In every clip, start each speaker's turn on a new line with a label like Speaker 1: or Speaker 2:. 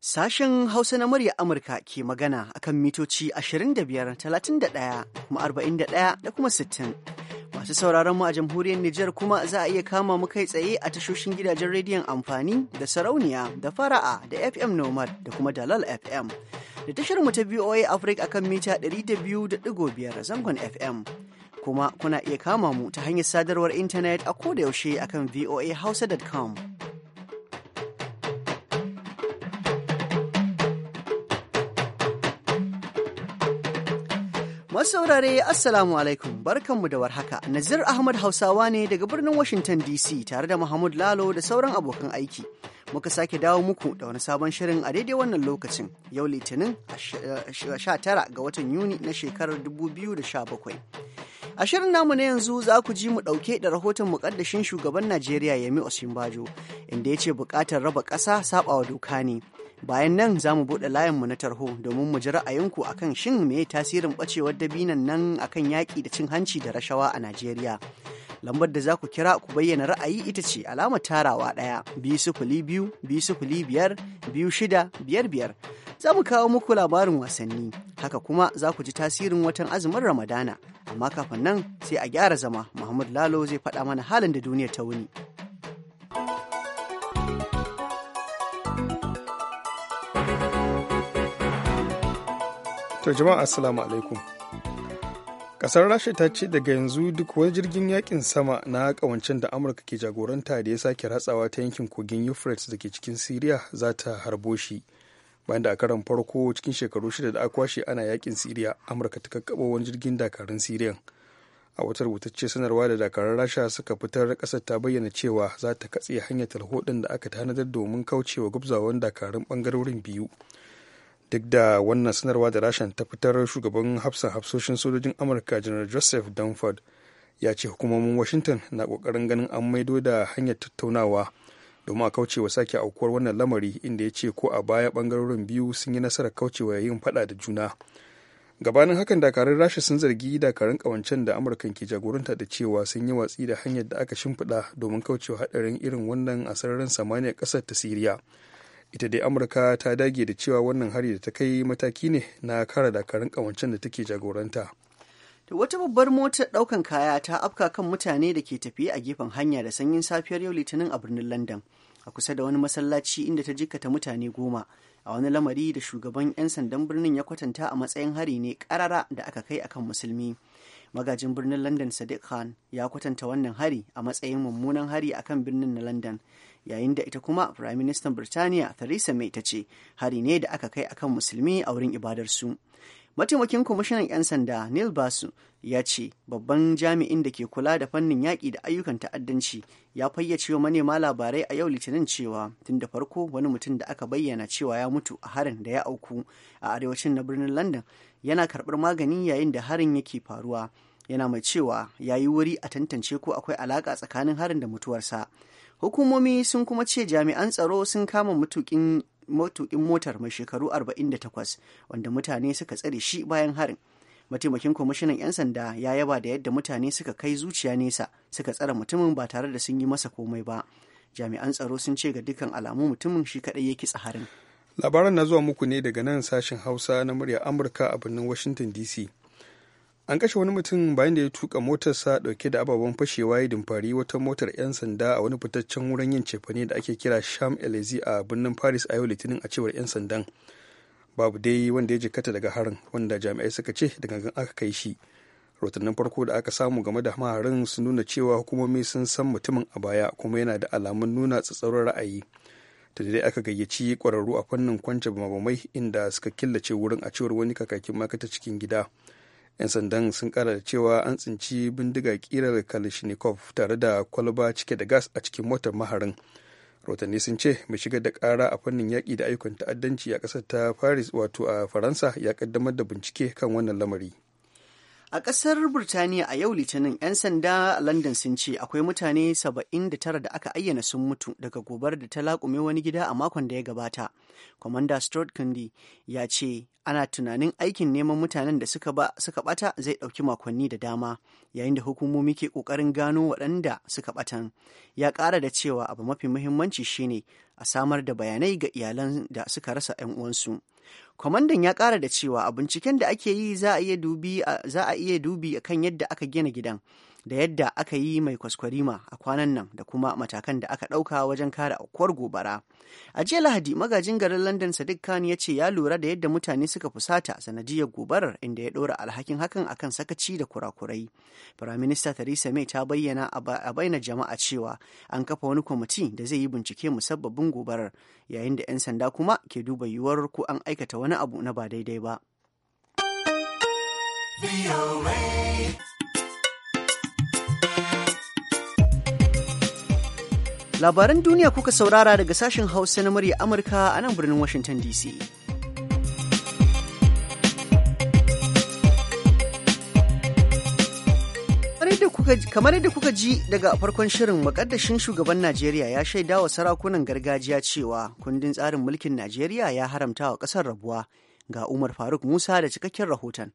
Speaker 1: Sashen Hausa na murya Amurka ke magana akan mitoci 25, 31, da kuma 60. Masu sauraron mu a jamhuriyar Nijar kuma za a iya kama mu kai tsaye a tashoshin gidajen rediyon amfani da sarauniya da fara'a da FM Nomad da kuma Dalal FM. Da tashar mu ta BOA Africa akan mita 200.5 zangon FM. kuma kuna iya kama mu ta hanyar sadarwar intanet a kodayaushe akan voahausa.com. Masaurare Assalamu alaikum barkanmu da warhaka Nazir Ahmad Hausawa ne daga birnin Washington DC tare da Muhammad Lalo da sauran abokan aiki. Muka sake dawo muku da wani sabon shirin a daidai wannan lokacin yau litinin 19 ga watan Yuni na shekarar 2017. A shirin namu na yanzu za ku ji mu ɗauke da rahoton muƙaddashin shugaban Najeriya Yemi Osinbajo inda ya ce buƙatar raba ƙasa saɓawa doka ne. Bayan nan za mu buɗe layinmu na tarho domin mu ji ra'ayinku akan shin me tasirin ɓacewar dabinan nan akan yaƙi da cin hanci da rashawa a Najeriya. lambar da za ku kira ku bayyana ra'ayi ita ce alama tarawa ɗaya biyu sifili biyu biyu sifili biyar biyu shida biyar biyar za mu kawo muku labarin wasanni haka kuma za ku ji tasirin watan azumin ramadana amma kafin nan sai a gyara zama muhammad lalo zai faɗa mana halin da duniya ta wuni.
Speaker 2: To jama'a assalamu alaikum. kasar rasha ta ce daga yanzu duk wani jirgin yakin sama na kawancen da amurka ke jagoranta da ya sake ratsawa ta yankin kogin euphrates da ke cikin syria za ta harbo shi bayan da a karan farko cikin shekaru shida da aka kwashe ana yakin syria amurka ta kakkaɓo wani jirgin dakarun syrian a wata rubutacce sanarwa da dakarun rasha suka fitar kasar ta bayyana cewa za ta katse hanyar talhoɗin da aka tanadar domin kaucewa gubzawan dakarun bangarorin biyu duk da wannan sanarwa da rashin ta fitar shugaban hafsan hafsoshin sojojin amurka janar joseph dunford ya ce hukumomin washington na kokarin ganin an maido da hanyar tattaunawa domin a kaucewa sake aukuwar wannan lamari inda ya ce ko a baya bangarorin biyu sun yi nasarar kaucewa yin fada da juna gabanin hakan dakarun rasha sun zargi dakarun kawancen da amurkan ke jagoranta da cewa sun yi watsi da hanyar da aka shimfiɗa domin kaucewa haɗarin irin wannan a sararin samaniya ƙasar ta siriya ita dai amurka ta dage da cewa wannan hari da ta kai mataki ne na kara dakarun kawancen da take jagoranta
Speaker 1: ta wata babbar motar daukan kaya ta afka kan mutane da ke tafiye a gefen hanya da sanyin safiyar yau litinin a birnin london a kusa da wani masallaci inda ta jikkata mutane goma a wani lamari da shugaban 'yan sandan birnin ya kwatanta a matsayin hari ne karara da aka kai akan musulmi magajin birnin london sadiq khan ya kwatanta wannan hari a matsayin mummunan hari akan birnin na london yayin da ita kuma firaministan birtaniya theresa may ta ce hari ne da aka kai akan musulmi a wurin ibadarsu mataimakin kwamishinan 'yan sanda neil basu ya ce babban jami'in da ke kula da fannin yaƙi da ayyukan ta'addanci ya fayyace wa manema labarai a yau litinin cewa tun da farko wani mutum da aka bayyana cewa ya mutu a harin da ya auku a arewacin na birnin london yana karɓar magani yayin da harin yake faruwa yana mai cewa ya yi wuri a tantance ko akwai alaƙa tsakanin harin da mutuwarsa hukumomi sun kuma ce jami'an tsaro sun kama matukin motar mai shekaru 48 wanda mutane suka tsare shi bayan harin mataimakin kwamishinan 'yan sanda ya yaba da yadda mutane suka kai zuciya nesa suka tsara mutumin ba tare da sun yi masa komai ba jami'an tsaro sun
Speaker 2: ce ga dukkan alamu mutumin shi kadai ya kitsa harin labaran na zuwa muku ne daga nan sashen hausa na murya amurka a birnin washington dc an kashe wani mutum bayan da ya tuka motarsa dauke da ababen fashewa ya dimfari wata motar 'yan sanda a wani fitaccen wurin yin cefane da ake kira sham elezi a birnin paris a yau litinin a cewar 'yan sandan babu dai wanda ya jikata daga harin wanda jami'ai suka ce da gangan aka kai shi rotannin farko da aka samu game da maharin su nuna cewa hukumomi sun san mutumin a baya kuma yana da alamun nuna tsatsauran ra'ayi ta dai aka gayyaci kwararru a fannin kwance bamabamai inda suka killace wurin a cewar wani kakakin makata cikin gida 'yan sandan sun kara da cewa an tsinci bindiga kirar kalashnikov tare da kwalba cike da gas a cikin motar maharin rotanni sun ce mai shigar da kara a fannin yaƙi da ayyukan ta'addanci a ƙasar ta paris wato a faransa ya kaddamar da bincike kan wannan lamari
Speaker 1: A ƙasar Burtaniya a yau Litinin 'yan sanda a London sun ce akwai mutane 79 da aka ayyana sun mutu daga gobar da ta laƙume wani gida a makon da ya gabata. Commander Stuart Kundi ya ce ana tunanin aikin neman mutanen da suka, suka bata zai ɗauki makonni da dama yayin da hukumomi ke ƙoƙarin gano waɗanda suka batan. Ya ƙara da cewa abu mafi muhimmanci shine a samar da bayanai ga iyalan da suka rasa 'yan uwansu. kwamandan ya kara da cewa a binciken da ake yi za a iya dubi a kan yadda aka gina gidan da yadda aka yi mai kwaskwarima a kwanan nan da kuma matakan da aka ɗauka wajen kare aukuwar gobara. A jiya Lahadi magajin garin London Sadiq Khan ya ce ya lura da yadda mutane suka fusata sanadiyar gobarar inda ya ɗora alhakin hakan akan sakaci da kurakurai. Firaminista Theresa May ta bayyana a bayyana jama'a cewa an kafa wani kwamiti da zai yi bincike musabbabin gobarar yayin da 'yan sanda kuma ke duba yiwuwar ko an aikata wani abu na ba daidai ba. Labaran duniya kuka saurara daga sashen Hausa na murya Amurka a nan birnin Washington DC. Kamar yadda kuka ji daga farkon shirin makaddashin shugaban Najeriya ya shaida wa sarakunan gargajiya cewa kundin tsarin mulkin Najeriya ya haramta wa ƙasar rabuwa ga Umar
Speaker 3: Faruk Musa da cikakken rahoton.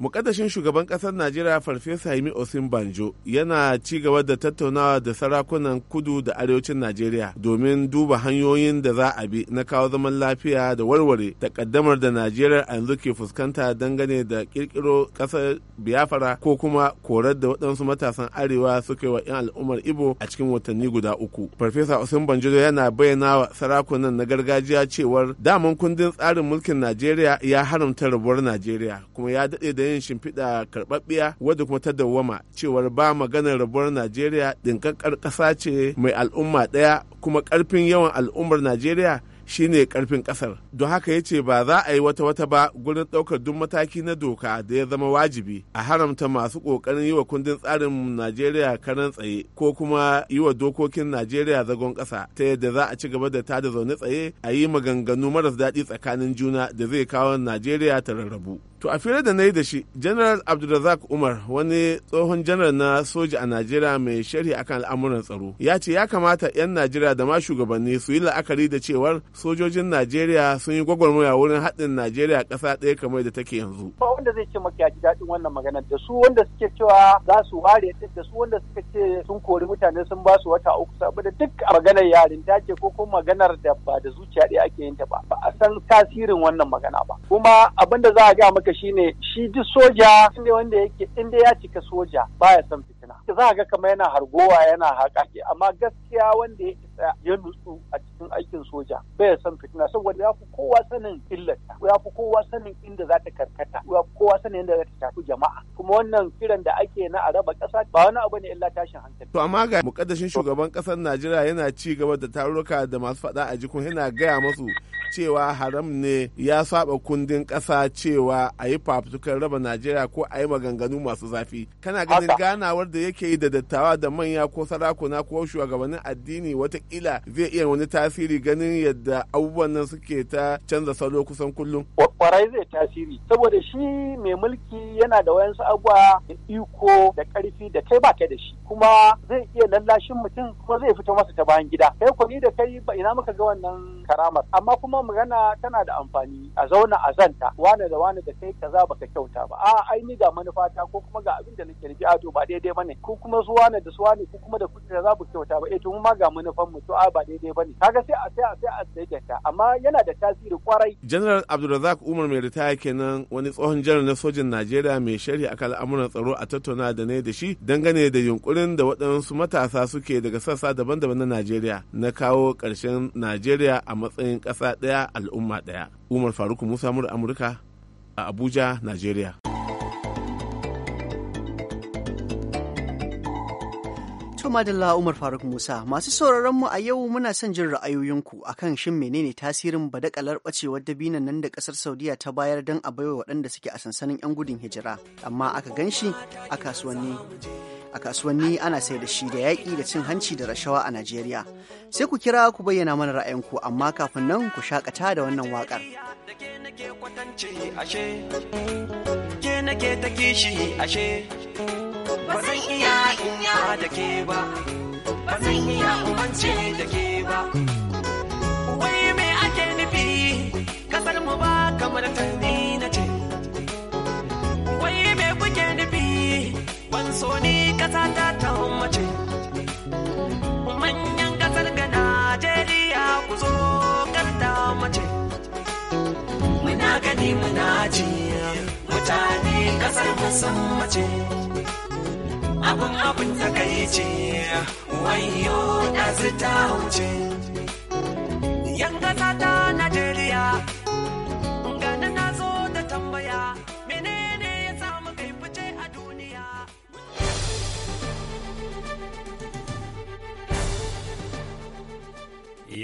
Speaker 3: mukaddashin shugaban kasar najeriya farfesa yimi osin banjo yana ci gaba da tattaunawa da sarakunan kudu da arewacin najeriya domin duba hanyoyin da za a bi na kawo zaman lafiya da warware takaddamar da najeriya a yanzu ke fuskanta dangane da kirkiro kasar biafra ko kuma korar da waɗansu matasan arewa suka wa 'yan al'ummar ibo a cikin watanni guda uku farfesa osin banjo yana bayyana wa sarakunan na gargajiya cewar daman kundin tsarin mulkin najeriya ya haramta rabuwar najeriya kuma ya daɗe da matsayin shimfiɗa karɓaɓɓiya wadda kuma ta dawwama cewar ba maganar rabuwar najeriya ɗinkakkar ƙasa ce mai al'umma ɗaya kuma ƙarfin yawan al'ummar najeriya shine ƙarfin ƙasar don haka ya ce ba za a yi wata wata ba gurin ɗaukar duk mataki na doka da ya zama wajibi a haramta masu ƙoƙarin yi wa kundin tsarin najeriya karan tsaye ko kuma yi wa dokokin najeriya zagon ƙasa ta yadda za a ci gaba da ta da zaune tsaye a yi maganganu maras daɗi tsakanin juna da zai kawo najeriya ta rarrabu To a fira da na yi da shi, General Abdulrazak Umar wani tsohon janar na soja a Najeriya mai sharhi akan al'amuran tsaro, ya ce ya kamata 'yan Najeriya da ma shugabanni su yi la'akari da cewar sojojin Najeriya sun yi gwagwarmaya wurin haɗin Najeriya ƙasa ɗaya kamar da take yanzu.
Speaker 4: Ba wanda zai ce maka ji daɗin wannan maganar da su wanda suke cewa za su ware da su wanda suka ce sun kori mutane sun ba su wata uku saboda duk a maganar yarin ta ce ko kuma maganar da ba da zuciya ɗaya ake yin ta ba. Ba a san tasirin wannan magana ba. Kuma abin da za a ga maka haka shine shi duk soja inda wanda yake inda ya cika soja baya son fitina za ga kama yana hargowa yana haƙa haka amma gaskiya wanda ya ya nutsu a cikin aikin soja bai son fitina saboda ya fi kowa sanin illata ya fi kowa sanin inda za ta karkata ya fi kowa sanin inda za ta shafi jama'a kuma wannan kiran da ake na a raba
Speaker 3: ƙasa ba wani abu ne illa tashin hankali to amma ga mukaddashin shugaban ƙasar Najeriya yana ci gaba da taruka da masu faɗa a jikun yana gaya masu cewa haram ne ya saba kundin ƙasa cewa a yi fafutukar raba najeriya ko a yi maganganu masu zafi kana ganin ganawar da yake yi da dattawa da manya ko sarakuna ko shugabannin addini watakila zai iya wani tasiri ganin yadda abubuwan nan suke ta canza salo kusan kullum kwarai
Speaker 4: zai tasiri saboda shi mai mulki yana da wayansu abuwa da iko da karfi da kai ba kai da shi kuma zai iya lallashin mutum kuma zai fito masa ta bayan gida kai kwani da kai ba, ina muka ga wannan karamar amma kuma kuma magana tana da amfani a zauna a zanta wane da wane da kai kaza baka kyauta ba a ai ni ga manufata ko kuma ga abin da nake nufi a to ba daidai bane ko kuma su wane da su wane ko kuma da kuɗi za ku kyauta ba eh to mu ma ga manufan mu to a ba daidai bane kaga sai a sai a sai a daidaita amma yana da tasiri kwarai
Speaker 3: General Abdulrazak Umar mai ritaya kenan wani tsohon janar na sojin Najeriya mai shari'a akan al'amuran tsaro a tattauna da ne da shi dangane da yunkurin da waɗansu matasa suke daga sassa daban-daban na Najeriya na kawo ƙarshen Najeriya a matsayin ƙasa ɗaya ɗaya al'umma ɗaya umar faruk musa Mur amurka a abuja nigeria
Speaker 1: madalla Umar Faruk Musa masu sauraron mu a yau muna son jin ra'ayoyinku akan shin menene tasirin badakalar bacewar dabinan nan da kasar Saudiya ta bayar don a baiwa waɗanda suke a sansanin 'yan gudun hijira amma aka ganshi a kasuwanni. a kasuwanni ana sai da shi da yaƙi da cin hanci da rashawa a Najeriya. Sai ku kira ku bayyana mana ra'ayinku amma kafin nan ku shakata da wannan waƙar.
Speaker 5: Ba zan iya da Wai me ake nufi, kasar ba kamar ban so ni kasa ta ta mace manyan kasar ga najeriya ku zo karta mace muna gani muna ji mutane kasar sun mace abun abun takaice wayo ɗazu ta wuce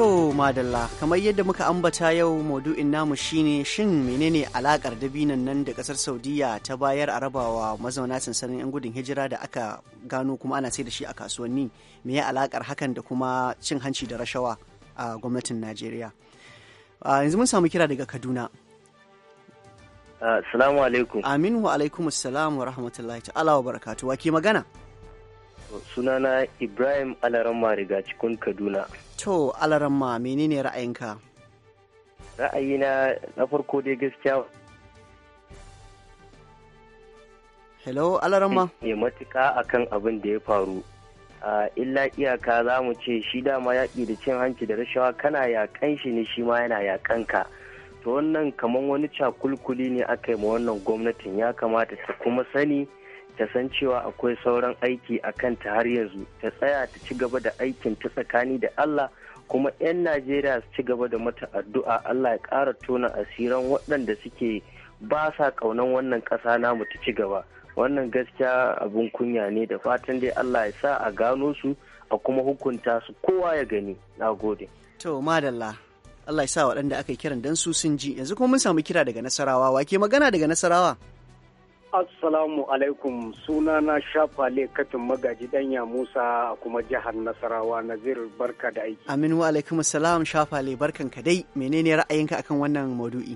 Speaker 1: To madalla kamar yadda muka ambata yau maudu'in namu shine shin menene alakar dabinan nan da kasar Saudiya ta bayar a rabawa mazauna sansanin 'yan gudun hijira da aka gano kuma ana sai da shi a kasuwanni me ya alakar hakan da kuma cin hanci da rashawa a gwamnatin Najeriya. Yanzu mun samu kira daga Kaduna.
Speaker 6: Assalamu alaikum.
Speaker 1: Aminu alaikum salamu wa rahmatullahi ta'ala wa barakatu. Wa ke magana?
Speaker 6: sunana ibrahim alaramma riga cikin kaduna
Speaker 1: to alaramma menene ra'ayinka
Speaker 6: ra'ayina na farko dai gaskiya hello alaramma ne matuka akan abin da ya faru illa iyaka za mu ce shi dama yaƙi da cin hanci da rashawa kana yaƙan shi ne shi ma yana yaƙan ka to wannan kamar wani cakulkuli ne aka yi ma wannan gwamnatin ya kamata ta kuma sani ta san cewa akwai sauran aiki a kanta har yanzu ta tsaya ta ci gaba da aikin ta tsakani da Allah kuma 'yan Najeriya su ci gaba da mata addu'a Allah ya ƙara tona asiran waɗanda suke ba sa ƙaunan wannan ƙasa namu ta ci gaba wannan gaskiya abin kunya ne da fatan dai Allah ya sa a gano su a kuma hukunta su kowa ya gani na gode
Speaker 1: to madalla Allah ya sa waɗanda aka kiran dan su sun ji yanzu kuma mun samu kira daga nasarawa wa ke magana daga nasarawa
Speaker 7: Assalamu alaikum suna na shafale katin magaji danya Musa kuma jihar Nasarawa Nazir barka da aiki.
Speaker 1: Amin wa alaikum salam shafale barkan ka dai menene ra'ayinka akan wannan maudu'i?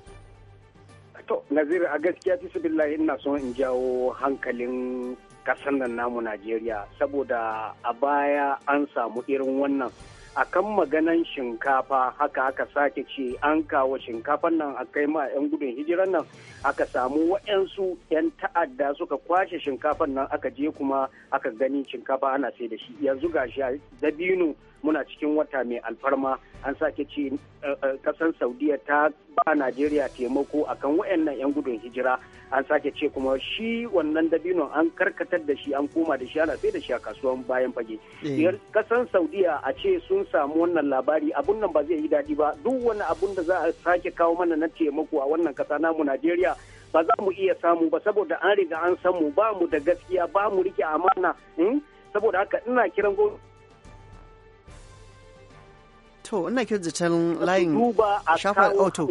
Speaker 7: To Nazir a gaskiya tisbillahi ina son in jawo hankalin kasan nan namu Najeriya saboda a baya an samu irin wannan a kan maganan shinkafa haka aka sake ce an kawo shinkafan nan a kai ma 'yan gudun hijiran nan aka samu wa'yansu 'yan ta'adda suka kwashe shinkafan nan aka je kuma aka gani shinkafa ana sai da shi yanzu gashi dabino muna cikin wata mai alfarma an sake ce eh, eh, kasan saudiya ta ba najeriya taimako akan wayannan 'yan gudun hijira an sake ce kuma shi wannan dabino an karkatar da shi an koma da shi ana sai da shi a kasuwan bayan fage eh. kasar saudiya a ce sun samu wannan labari abun nan ba zai yi daɗi ba duk wani abun da za a sake kawo mana na taimako a wannan kasa namu najeriya ba za mu iya samu ba saboda an riga an samu ba mu da gaskiya ba mu rike amana hmm? saboda haka ina kiran gwamnati
Speaker 1: to ina oh, kin zaton layin shafa auto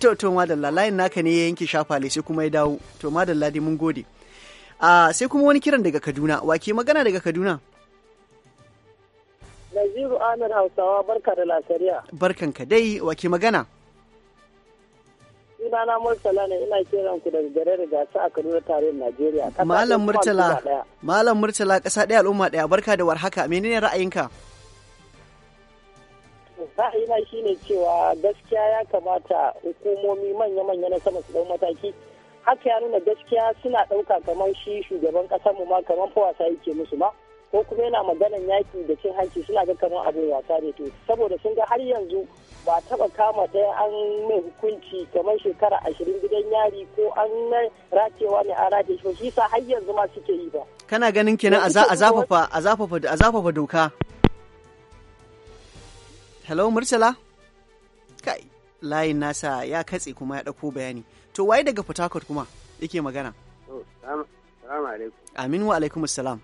Speaker 1: to to madalla layin naka ne ya yanke shafale sai kuma ya dawo to madalla dai mun gode a ah, sai kuma wani kiran daga kaduna wake magana daga kaduna
Speaker 6: naziru amir hausawa barka da lasariya
Speaker 1: barkan dai wake magana
Speaker 6: sunana Murtala ne ina kiran ku daga garin gasa a Kaduna tarihin Najeriya. Malam Murtala,
Speaker 1: Malam Murtala ƙasa ɗaya al'umma ɗaya barka da warhaka menene ra'ayinka?
Speaker 6: Ra'ayina shi ne cewa gaskiya ya kamata hukumomi manya-manya na sama su ɗau mataki. Haka ya nuna gaskiya suna ɗauka kamar shi shugaban ƙasar mu ma kamar fawasa yake musu ma. ko kuma yana maganan yaƙi da cin hanci suna ga kamar abin wasa ne to saboda sun ga har yanzu ba taba kama ta an mai hukunci kamar shekara ashirin gidan yari ko an racewa ne a race shi shi sa har yanzu ma suke yi ba
Speaker 1: kana ganin kenan a zafafa a zafafa a zafafa doka hello murtala kai layin nasa ya katse kuma ya dauko bayani to waye daga port kuma yake magana aminu wa alaikum assalam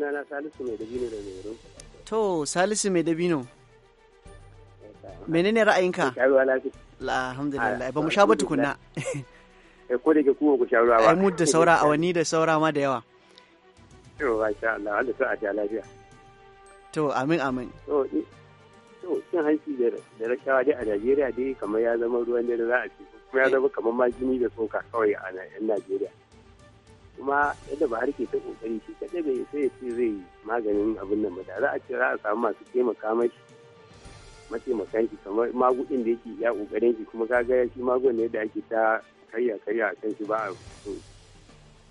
Speaker 7: sunana salisu mai dabino
Speaker 1: da mai to salisu mai dabino menene ra'ayinka lafiya. alhamdulillah ah, ba mu sha ba tukunna eh, ko da ke kuma ku sha ba Aimu da saura awanni da saura ma da yawa
Speaker 7: to masha Allah Allah sa a ta lafiya
Speaker 1: to amin amin
Speaker 7: to cin hanci da rashawa dai a Najeriya dai kamar ya zama ruwan dare za a ce kuma ya eh. zama kamar majini da soka kawai a Najeriya kuma yadda ba har ke ta kokari shi kadai bai sai ya ce zai maganin abin nan ba da za a ce za a samu masu taimaka mashi mataimakan shi kamar magudin da yake ya kokarin shi kuma kaga shi magudin ne da ake ta karya karya a kan shi ba a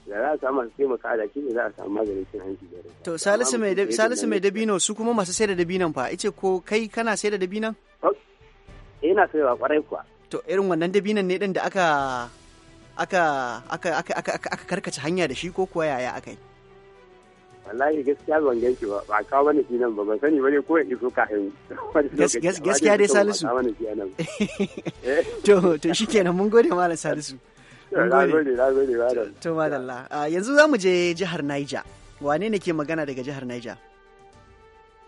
Speaker 7: da za a samu masu taimaka da shi ne za a samu maganin cin hanci da rai.
Speaker 1: To Salisu mai dabino su kuma masu sai da dabinon fa ice ko kai kana sai da dabinon? Oh,
Speaker 6: ina sai wa kwarai kuwa.
Speaker 1: To irin wannan dabinon ne din da aka aka aka aka aka karkace hanya da shi ko kuwa yaya aka yi
Speaker 7: wallahi gaskiya ban ganki ba ba kawo mana shi nan ba ban sani bane ko iso kafin gaskiya dai salisu
Speaker 1: eh. to to shikenan mun gode malam salisu mun gode na to madalla ah, yanzu zamu je jihar Niger wane ne ke magana daga jihar Niger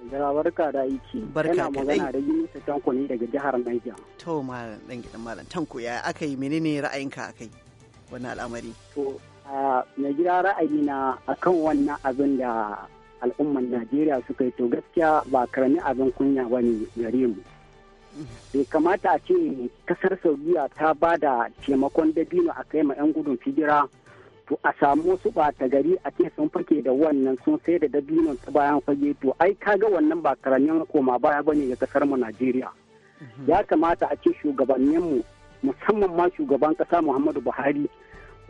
Speaker 6: Gara barka da aiki. Barka Yana magana da yi Tanko ne daga jihar Niger.
Speaker 1: To malam dan gidan malam Tanko ya aka yi menene ra'ayinka akai? wannan al'amari? To,
Speaker 6: na gira ra'ayi na akan wannan abin da al'umman Najeriya suka yi to gaskiya ba karami abin kunya ba ne gare mu. Bai kamata a ce kasar Saudiya ta ba da taimakon dabino a kai ma 'yan gudun figira to a samu su ba ta gari a ce sun fake da wannan sun sai da dabino ta bayan fage to ai kaga wannan ba karamin koma baya bane ga kasar mu Najeriya. Mhm. Ya kamata a ce shugabanninmu musamman ma shugaban kasa muhammadu buhari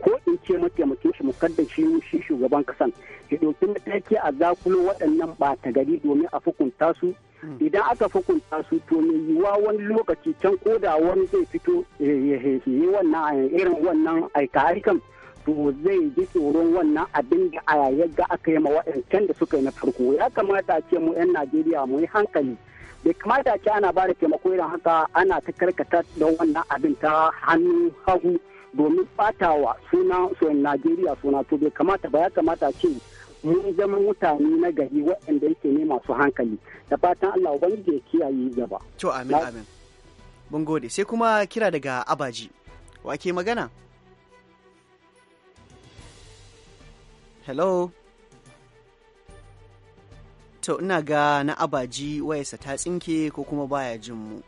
Speaker 6: ko in ce mataimakin shi mukaddar shi shi shugaban kasan ya ɗauki mataki a zakulo waɗannan ɓata gari domin a hukunta su hmm. idan aka hukunta su to mai yiwuwa wani lokaci can koda wani zai fito yi wannan irin wannan aika-aikan to zai ji tsoron wannan abin da a ga aka yi ma waɗancan da suka yi na farko ya kamata a ce mu 'yan najeriya mu yi hankali bai kamata ke ana ba da taimako irin haka ana ta karkata da wannan abin ta hannu hagu domin batawa suna soyin najeriya suna to bai kamata ba ya kamata ce mun zama mutane na gari waɗanda yake ne masu hankali da fatan allah wani ya kiyaye gaba to amin amin mun
Speaker 1: gode sai kuma kira daga abaji wa ke magana hello To ina ga na abaji wayarsa ta tsinke ko kuma baya jin mu.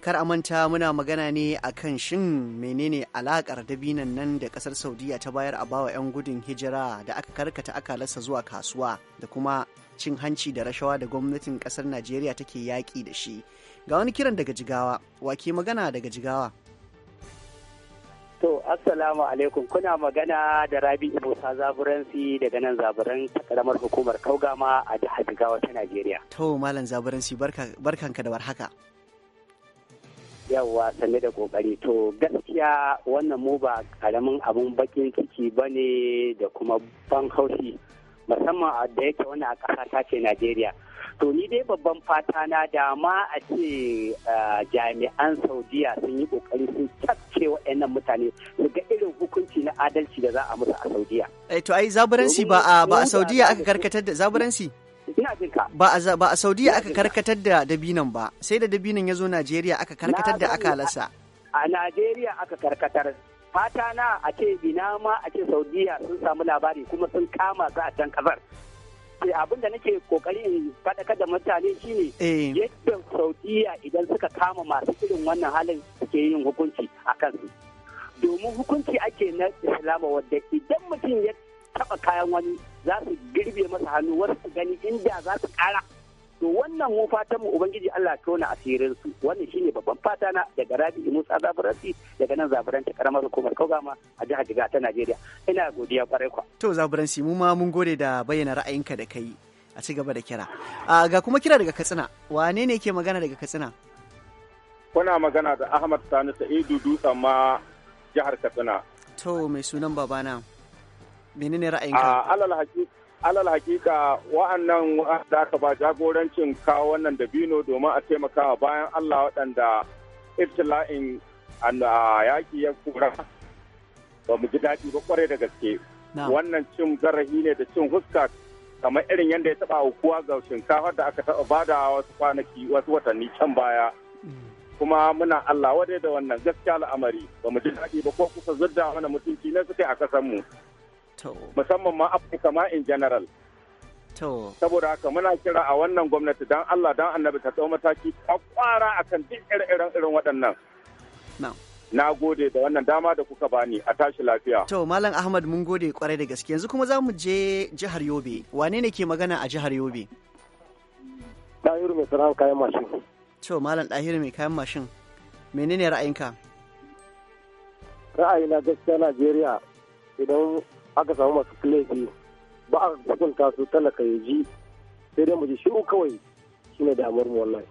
Speaker 1: Kar a manta muna magana ne a kan shin menene alakar dabinan nan da kasar Saudiya ta bayar a bawa 'yan gudun hijira da aka karkata akalarsa zuwa kasuwa da kuma cin hanci da rashawa da gwamnatin kasar Najeriya take yaƙi da shi. Ga wani kiran daga jigawa, wake magana daga jigawa.
Speaker 6: To, Assalamu alaikum kuna magana da Rabi Musa Zaburansi daga nan Zaburan karamar hukumar Kaugama a jihar Jigawa ta Najeriya.
Speaker 1: To, Malam Zaburansi barkanka da warhaka.
Speaker 6: Yawwa sanne da kokari to gaskiya wannan mu ba karamin abun bakin ciki ba ne da kuma ban haushi musamman da yake wani a ƙasa ta ce Najeriya. to ni dai babban fata na da ma a ce jami'an saudiya sun yi kokari sun cakce wa'annan mutane su ga irin hukunci na adalci da za a musu a saudiya
Speaker 1: eh to ai zaburanci ba a ba a saudiya aka karkatar da zaburanci ina jin ka ba a ba a saudiya aka karkatar da dabinan ba sai da dabinan ya zo najeriya aka karkatar da akalarsa
Speaker 6: a najeriya aka karkatar fata na a ce ina ma a ce saudiya sun samu labari kuma sun kama su a can kasar abin da nake kokari in faɗakar da mutane shine eh. yadda saudiya idan suka kama masu irin wannan halin suke yin hukunci a kansu domin hukunci ake na islama wadda idan mutum ya taɓa kayan wani za su girbe masa hannu wasu gani inda za su ƙara to wannan mu fatan mu ubangiji Allah tona asirin su wannan shine babban fata na daga Rabi Musa Zaburansi daga nan ta karamar hukumar Kogama a jihar Jigawa ta Najeriya ina godiya kwarai kwa
Speaker 1: to Zaburansi mu ma mun gode da bayyana ra'ayinka da kai a ci gaba da kira ga kuma kira daga Katsina wane ne ke magana daga Katsina
Speaker 6: kuna
Speaker 5: magana da Ahmad Sani Sa'idu Dutsen ma jihar Katsina
Speaker 1: to mai sunan babana menene ra'ayinka a
Speaker 5: alal hakika alal hakika wa'annan da aka ba jagorancin kawo wannan dabino domin a taimakawa bayan Allah waɗanda iftila'in yaƙi ya kura ba mu ji daɗi ba kwarai da gaske wannan cin zarafi ne da cin huska kamar irin yadda ya taɓa hukuwa ga shinkafar da aka taɓa bada wasu kwanaki wasu watanni can baya kuma muna Allah wadai da wannan gaskiya al'amari ba mu ji daɗi ba ko kusa zurda mana mutunci na suke a kasanmu. mu musamman ma afirka ma in general saboda haka muna kira a wannan gwamnati don allah don annabi ta tsawon mataki a kwara akan duk irin irin waɗannan na gode da wannan dama da kuka bani a tashi lafiya
Speaker 1: to malam ahmad mun gode kwarai da gaske yanzu kuma za mu je jihar yobe wane ne ke magana a jihar yobe
Speaker 7: ɗahiru mai sana'ar kayan mashin
Speaker 1: to malam ɗahiru mai kayan mashin menene ra'ayinka
Speaker 7: ra'ayina gaskiya najeriya idan aka samu masu laifi ba a hukunta su talaka ya ji sai dai mu ji shi kawai ne damar mu wallahi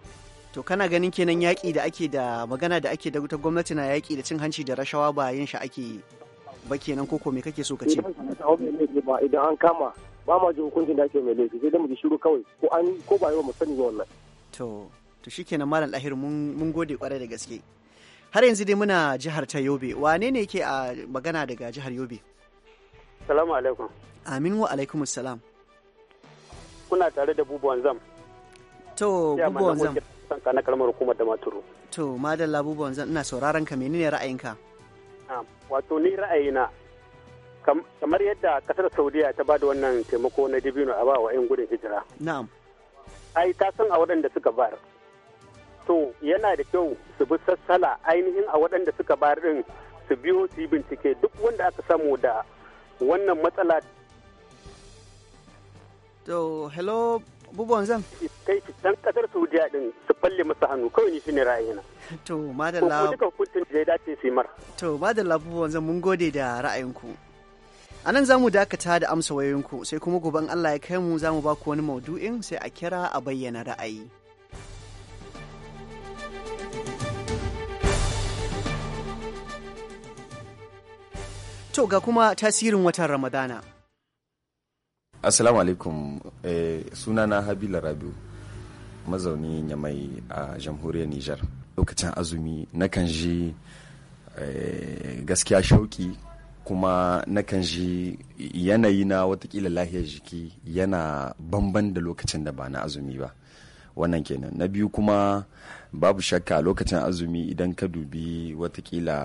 Speaker 1: to kana ganin kenan yaƙi da ake da magana da ake da ta gwamnati na yaƙi da cin hanci da rashawa ba yin shi ake ba kenan ko me kake so ka ce
Speaker 7: idan an kama ba ma ji hukuncin da ake mai laifi sai dai mu ji shiru kawai ko
Speaker 1: an ko ba yau mu sani ba wallahi to to shikenan malam lahir mun mun gode kwarai da gaske har yanzu dai muna jihar ta yobe wane ne yake a magana daga jihar yobe Salamu alaikum. Amin wa alaikum salam.
Speaker 4: Kuna tare da bubuwan zam. To, bubuwan zam. San na kalmar hukumar da maturu.
Speaker 1: To, madalla bubuwan zam ina sauraron ka menene ra'ayinka?
Speaker 4: Wato ni ra'ayina kamar yadda kasar Saudiya ta ba da wannan taimako na dibino a ba wa 'yan gudun hijira. Na'am. Ai, ta san a waɗanda suka bar. To, yana da kyau su bi sassala ainihin a waɗanda suka bar ɗin su biyo su yi bincike duk wanda aka samu da wannan matsala to hello bubuwan zan kai dan kasar saudiya din su falle masa hannu kawai ni shine na.
Speaker 1: to madalla ko duka
Speaker 4: hukuncin da ya dace su yi mara.
Speaker 1: to madalla bubuwan zan mun gode da ra'ayinku a nan za mu dakata da amsa wayoyinku sai kuma gobe Allah ya kai mu za mu ba ku wani maudu'in sai a kira a bayyana ra'ayi To ga kuma tasirin watan Ramadana.
Speaker 5: Assalamu alaikum eh, sunana Habila Rabiu mazauni mai a jamhuriyar Nijar. Lokacin azumi kan ji eh, gaskiya shauki kuma na kan ji yanayi na watakila lahiyar jiki yana bamban da lokacin da ba na azumi ba. Wannan kenan. Na biyu kuma babu shakka lokacin azumi idan ka dubi watakila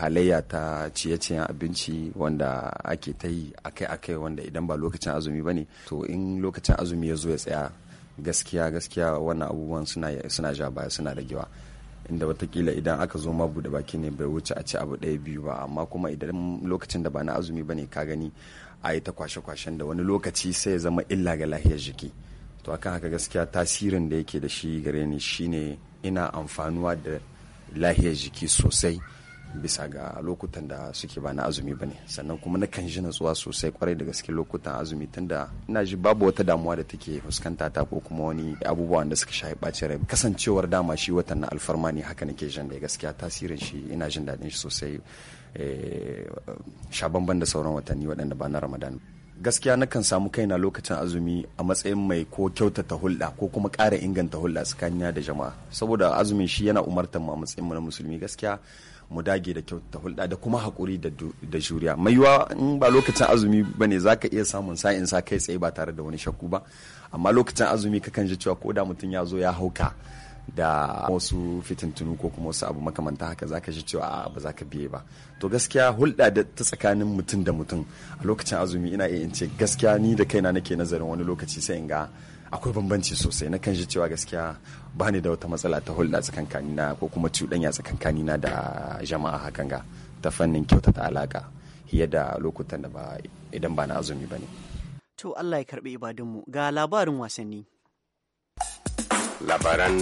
Speaker 5: halayya ta ciye-ciyen abinci wanda ake ta yi akai-akai wanda idan ba lokacin azumi ba ne to in lokacin azumi ya zo ya tsaya gaskiya gaskiya wannan abubuwan suna ja baya suna da ragewa inda watakila idan aka zo ma bude baki ne bai wuce a ci abu ɗaya biyu ba amma kuma idan lokacin da ba na azumi ba ne ka gani a yi ta kwashe-kwashen da wani lokaci sai ya zama illa ga lahiyar jiki to akan haka gaskiya tasirin da yake da shi gare ni shine ina amfanuwa da lahiyar jiki sosai bisa ga lokutan da suke ba na azumi ba ne sannan kuma na nakan ji natsuwa sosai kwarai da gaske lokutan azumi tunda ina ji babu wata damuwa da take fuskanta ta ko kuma wani abubuwa da suka shafi ɓacin rai kasancewar dama shi watan na alfarma ne haka nake jin da gaskiya tasirin shi ina jin daɗin shi sosai eh, shabamban da sauran watanni waɗanda ba na ramadan gaskiya nakan samu kaina lokacin azumi a matsayin mai ko kyautata hulɗa ko kuma ƙara inganta hulɗa tsakanin da jama'a saboda azumin shi yana umartar ma matsayin mu na musulmi gaskiya mu dage da kyautata hulɗa da kuma hakuri da juriya mai yiwa in ba lokacin azumi ba ne za ka iya samun sa'in sa kai tsaye ba tare da wani shakku ba amma lokacin azumi kakan ji cewa ko da mutum ya zo ya hauka da wasu fitintunu ko kuma wasu abu makamanta haka za ka ji cewa ba za ka biye ba to gaskiya hulɗa da ta tsakanin mutum da mutum a lokacin azumi ina iya in ce gaskiya ni da kaina nake nazarin wani lokaci sai in ga akwai bambanci sosai na kan ji cewa gaskiya ba ni da wata matsala ta hulɗa na ko kuma cuɗanya na da jama'a hakan ga ta fannin kyautata alaƙa fiye da lokutan da
Speaker 8: ba idan ba na azumi ba ne.
Speaker 1: To Allah ya karɓi ibadunmu ga labarin wasanni.
Speaker 8: labaran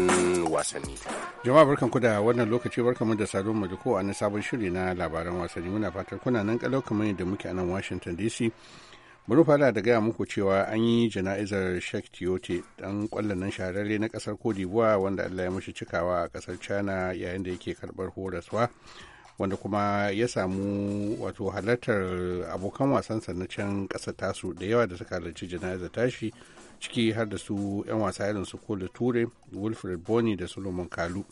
Speaker 8: wasanni. Jama'a barkan ku da wannan lokaci barkan mu da mu da kowa na sabon shiri na labaran wasanni muna fatan kuna nan kalau kamar yadda muke a nan Washington DC. Bari fara da gaya muku cewa an yi jana'izar Sheikh Tiote dan kwallon nan shahararre na kasar Cote d'Ivoire wanda Allah ya mushi cikawa a kasar China yayin da yake karbar horaswa wanda kuma ya samu wato halartar abokan wasansa na can ƙasa tasu da yawa da suka halarci jana'izar tashi ciki har da su 'yan wasa irin su kola ture wilfred boni da solomon kalu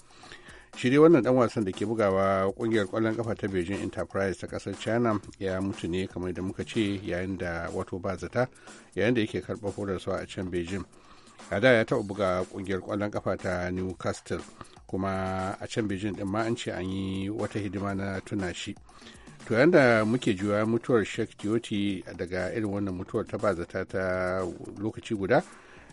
Speaker 8: shi dai wannan dan wasan da ke bugawa kungiyar kwallon kafa ta beijing enterprise ta kasar china ya mutu ne kamar da muka ce yayin da wato ba zata yayin da yake karɓar horarsa a can beijing a da ya taɓa buga kungiyar kwallon kafa ta newcastle kuma a can beijing din ma an ce an yi wata hidima na tuna shi to yanda muke juya mutuwar shek tiyoti daga irin wannan mutuwar ta bazata ta lokaci guda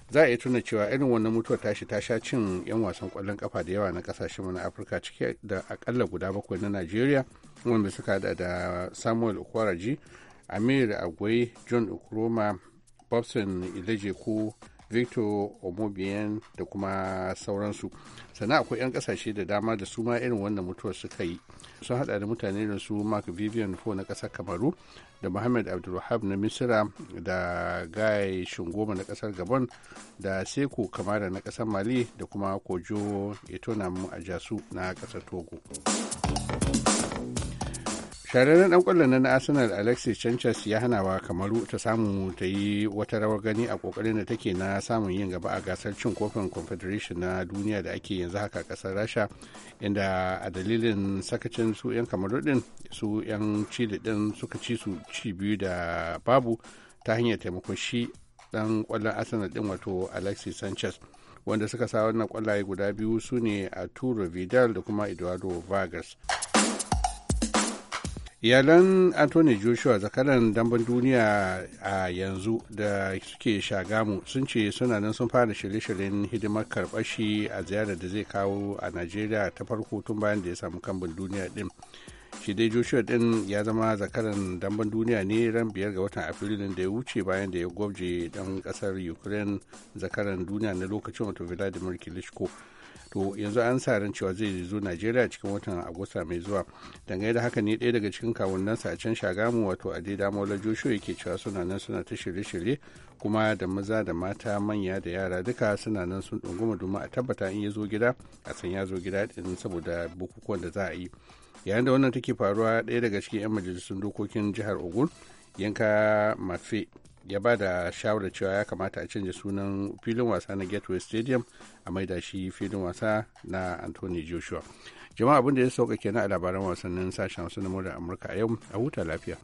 Speaker 8: za a iya tuna cewa irin wannan mutuwar tashi ta sha cin 'yan wasan kwallon kafa da yawa na kasashen na afirka ciki da akalla guda bakwai na nigeria wanda suka hada da samuel okwaraji amir agwai john okroma bobson ilejeku victor omobien da kuma sauransu sana akwai 'yan kasashe da dama da su ma irin wannan mutuwar suka yi sun hada da mutane da su mark vivian fo na kasar kamaru da mohamed abdulwahab na misira da guy shingoma na kasar gabon da seko kamara na kasar mali da kuma kojo a ajasu na kasar togo shararren dan kwallon na arsenal alexis sanchez ya hana wa kamaru ta samu ta yi wata rawar gani a kokarin da take na samun yin gaba a gasar cin kofin confederation na duniya da ake yanzu haka kasar rasha inda a dalilin sakacin su 'yan kamaru din su 'yan chile din suka ci su ci biyu da babu ta hanyar taimakon shi dan kwallon arsenal din wato alexis sanchez wanda suka sa wannan kwallaye guda biyu su ne arturo vidal da kuma eduardo vargas iyalan anthony joshua zakaran damben duniya a yanzu da suke shagamu sun ce suna nan sun fara shirye-shiryen hidimar karɓar shi a ziyarar da zai kawo a najeriya ta farko tun bayan da ya samu kambin duniya din shi dai joshua din ya zama zakaran damben duniya ne ran biyar ga watan afrilun da ya wuce bayan da ya gwabje dan kasar ukraine zakaran duniya na lokacin wato vladimir klitschko to yanzu an sa ran cewa zai zo najeriya cikin watan agusta mai zuwa dangane da haka ne ɗaya daga cikin kawunansa a can shagamu wato adeda maula joshua yake cewa suna nan suna ta shirye-shirye kuma da maza da mata manya da yara duka suna nan sun ɗunguma domin a tabbata in ya zo gida a san ya zo gida din saboda bukukuwan da za a yi yayin da wannan take faruwa ɗaya daga cikin 'yan majalisun dokokin jihar ogun yanka mafe ya ba da shawarar cewa ya kamata a canza sunan filin wasa na gateway stadium a maida shi filin wasa na anthony joshua jama'a abin da ya sauka na a labaran wasannin sashen wasu na murar amurka a yau a huta lafiya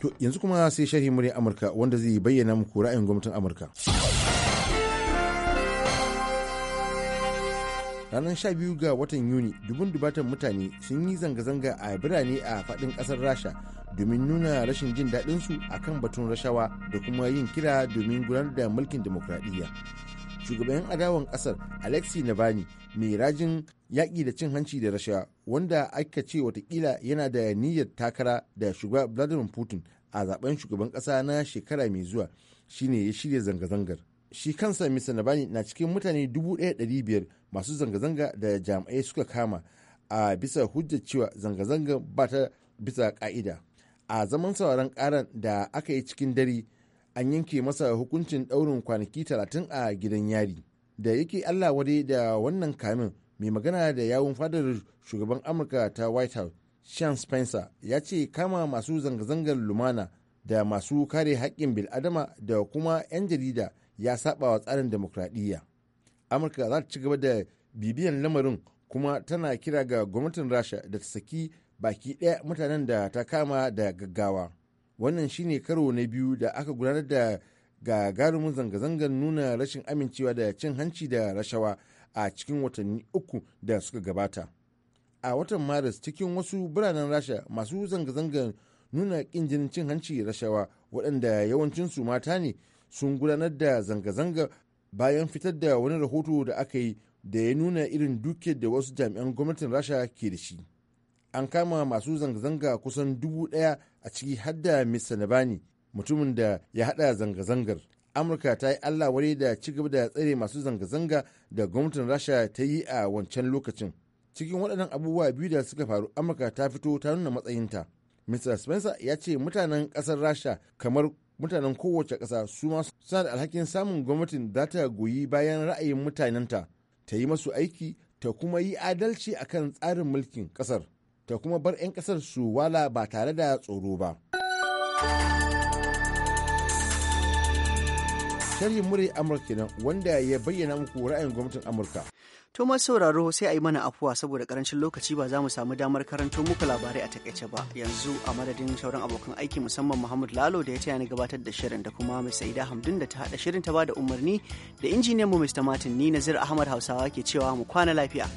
Speaker 9: to yanzu kuma sai sharhi murya amurka wanda zai bayyana muku ra'ayin gwamnatin amurka ranar 12 ga watan yuni dubun dubatan mutane sun yi zanga-zanga a birane a fadin kasar rasha domin nuna rashin jin daɗinsu a kan batun rashawa da kuma yin kira domin gudanar da mulkin demokradiyya shugaban adawan kasar alexi navani mai rajin yaƙi da cin hanci da rashawa wanda aka ce watakila yana da niyyar takara da shugaban vladimir putin a zaben shugaban ƙasa na shekara mai zuwa shine ya shirya zanga-zangar shi kansa mr navani na cikin mutane 1500 masu zanga-zanga da jami'ai suka kama a bisa hujjar cewa zanga-zanga ba ta bisa ka'ida a zaman sauraron karan da aka yi cikin dare an yanke masa hukuncin daurin kwanaki talatin a gidan yari da yake allah wadai da wannan kamin mai magana da yawun fadar shugaban amurka ta white house sean spencer ya ce kama masu zanga-zangar lumana da masu kare haƙƙin bil'adama da kuma 'yan jarida ya saba wa tsarin demokradiyya amurka za ta ci gaba da bibiyan lamarin kuma tana kira ga gwamnatin rasha da ta saki baki ɗaya mutanen da ta kama da gaggawa wannan shine karo na biyu da aka gudanar da gagarumin zanga-zangar nuna rashin amincewa da cin hanci da rashawa a cikin watanni uku da suka gabata a watan maris cikin wasu biranen rasha masu zanga-zangar nuna kin jinin cin hanci rashawa waɗanda yawancinsu mata ne sun gudanar da zanga-zanga bayan fitar da wani rahoto da aka yi da ya nuna irin dukiyar da wasu jami'an gwamnatin rasha ke da shi an kama masu zanga-zanga kusan dubu daya a ciki har da mr nabani mutumin da ya hada zanga-zangar amurka ta yi allah ware da ci gaba da tsare masu zanga-zanga da gwamnatin rasha ta yi a wancan lokacin cikin waɗannan abubuwa biyu da suka faru amurka ta fito ta nuna matsayinta mr spencer ya ce mutanen ƙasar rasha kamar mutanen kowace ƙasa su ma suna da alhakin samun gwamnatin za ta goyi bayan ra'ayin mutanenta ta yi masu aiki ta kuma yi adalci a kan tsarin mulkin ƙasar ta kuma bar 'yan ƙasar su wala ba tare da tsoro ba. sharhin murya amurka kenan wanda ya bayyana muku ra'ayin gwamnatin amurka to masu
Speaker 1: sauraro sai a yi mana afuwa saboda karancin lokaci ba za mu samu damar karanto muku labarai a takaice ba yanzu a madadin sauran abokan aiki musamman muhammad lalo da ya taya ni gabatar da shirin da kuma mai sa'ida hamdun da ta haɗa shirin ta ba da umarni da injiniyan mu mr martin ni nazir ahmad hausawa ke cewa mu kwana lafiya